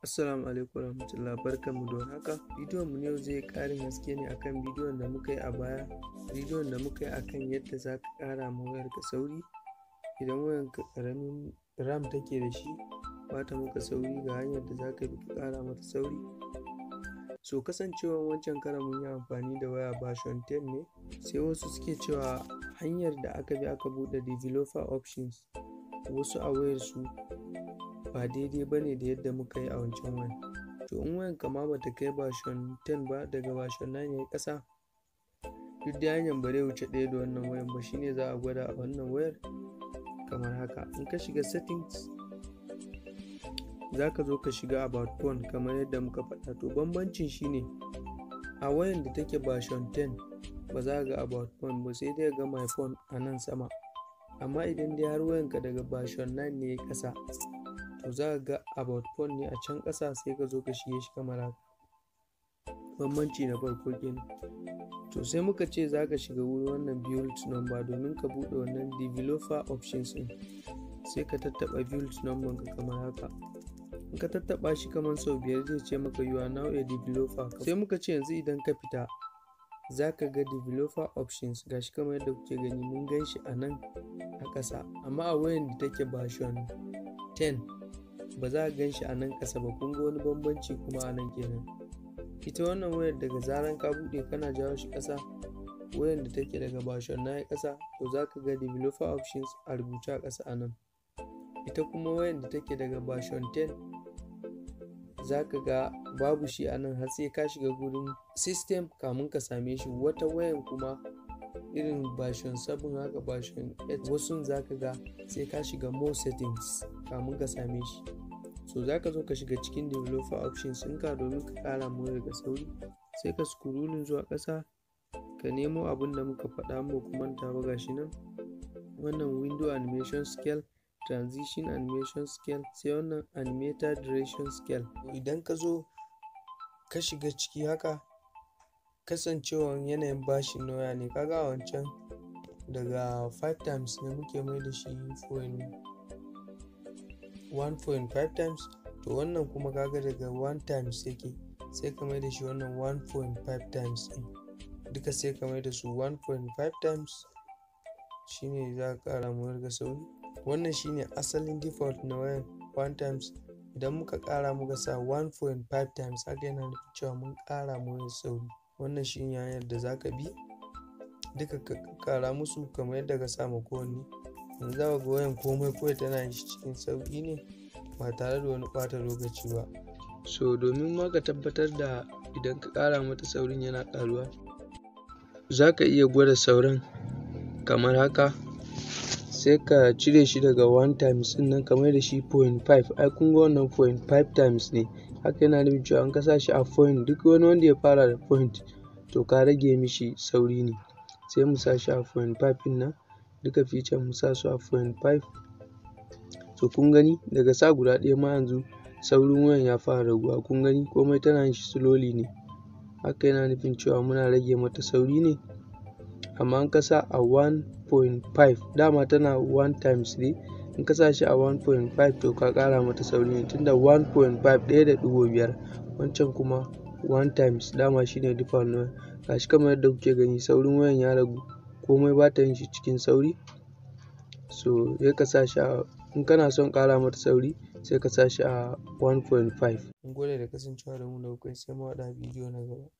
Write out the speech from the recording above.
Assalamu alaikum warahmatullah barkanmu da haka bidiyon mu yau zai karin haske ne akan bidiyon da muka yi a baya bidiyon da muka yi akan yadda za ka kara wayar ka sauri idan ka karamin ram take da shi bata muka sauri ga hanyar da za ka bi ka kara mata sauri so kasancewar wancan karan mun yi amfani da waya version 10 ne sai wasu suke cewa hanyar da aka bi aka buɗe developer options wasu a wayar su ba daidai ba ne da yadda muka yi a wancan wayan to in wayan kama ba ta kai version 10 ba daga version 9 ya ƙasa duk da hanyar ba zai wuce ɗaya da wannan wayan ba shine za a gwada a wannan wayar kamar haka in ka shiga settings za ka zo ka shiga about phone kamar yadda muka faɗa to bambancin shine a wayan da take version 10 ba za ga about phone ba sai dai ga my phone a nan sama amma idan dai har wayanka daga version 9 ne ƙasa to za ka ga about phone ne a can ƙasa sai ka zo ka shige shi kamar haka bambanci na farko kenan to sai muka ce za ka shiga wurin wannan build number domin ka buɗe wannan developer options ɗin sai ka tattaɓa build number ka kamar haka in ka tattaɓa shi kamar sau biyar zai ce maka you are now a developer sai muka ce yanzu idan ka fita za ka ga developer options gashi kamar yadda kuke gani mun gan shi a nan a ƙasa amma a wayan da take version 10 ba za a gan shi a nan ƙasa ba kun ga wani bambanci kuma a nan kenan ita wannan wayar daga zaran ka buɗe kana jawo shi kasa wayar da take daga bashon na ƙasa to za ka ga developer options a rubuce a ƙasa a nan ita kuma wayar da take daga bashon 10 za ka ga babu shi a nan har sai ka shiga gurin system kamun ka same shi wata wayan kuma irin bashin sabon haka bashin 8 wasu za ka ga sai ka shiga more settings kamun ka same shi so za ka zo ka shiga cikin developer options ka domin ka kara more daga sauri sai ka scrolling zuwa ƙasa ka nemo abin da muka faɗa mu kuma ta ba gashi nan wannan window animation scale transition animation scale sai wannan animator duration scale idan ka zo ka shiga ciki haka kasancewar yanayin bashin noya ne kaga wancan daga 5 times ne muke mai da shi 1.5 times to wannan kuma kaga daga 1 times yake sai ka mai da shi wannan 1.5 times din duka sai ka mai da su 1.5 times shine za ka kara mu ga sauri wannan shine asalin default na wayan 1 times idan muka kara muka sa 1.5 times haka yana nufin cewa mun kara mu sauri wannan shi ne hanyar da za ka bi duka ka kara musu kamar yadda ka sa kowanne yanzu za ga wayan komai kawai tana yin shi cikin sauki ne ba tare da wani ɓata lokaci ba so domin ma ka tabbatar da idan ka kara mata saurin yana karuwa za ka iya gwada sauran kamar haka sai ka cire shi daga 1 times din nan ka mai da shi 0.5 ai kun ga wannan 0.5 times ne haka yana nufin cewa in ka sa shi a point duk wani wanda ya fara da point to ka rage mishi sauri ne sai mu sa shi a 0.5 din nan duka feature mu sa su a 0.5 to kun gani daga sa guda ɗaya ma yanzu saurin wayan ya fara raguwa kun gani komai tana yin shi slowly ne haka yana nufin cewa muna rage mata sauri ne amma an kasa a 1.5 dama tana 1 times 3 in kasa shi a 1.5 to ka kara mata sauri ne tunda 1.5 ɗaya da ɗigo biyar wancan kuma 1 times dama shine default na gashi kamar yadda kuke gani saurin wayan ya ragu komai ba ta yin shi cikin sauri so ya kasa shi a in kana son kara mata sauri sai ka sa shi a 1.5 in gode da kasancewa da mu da kai sai mu bidiyo na gaba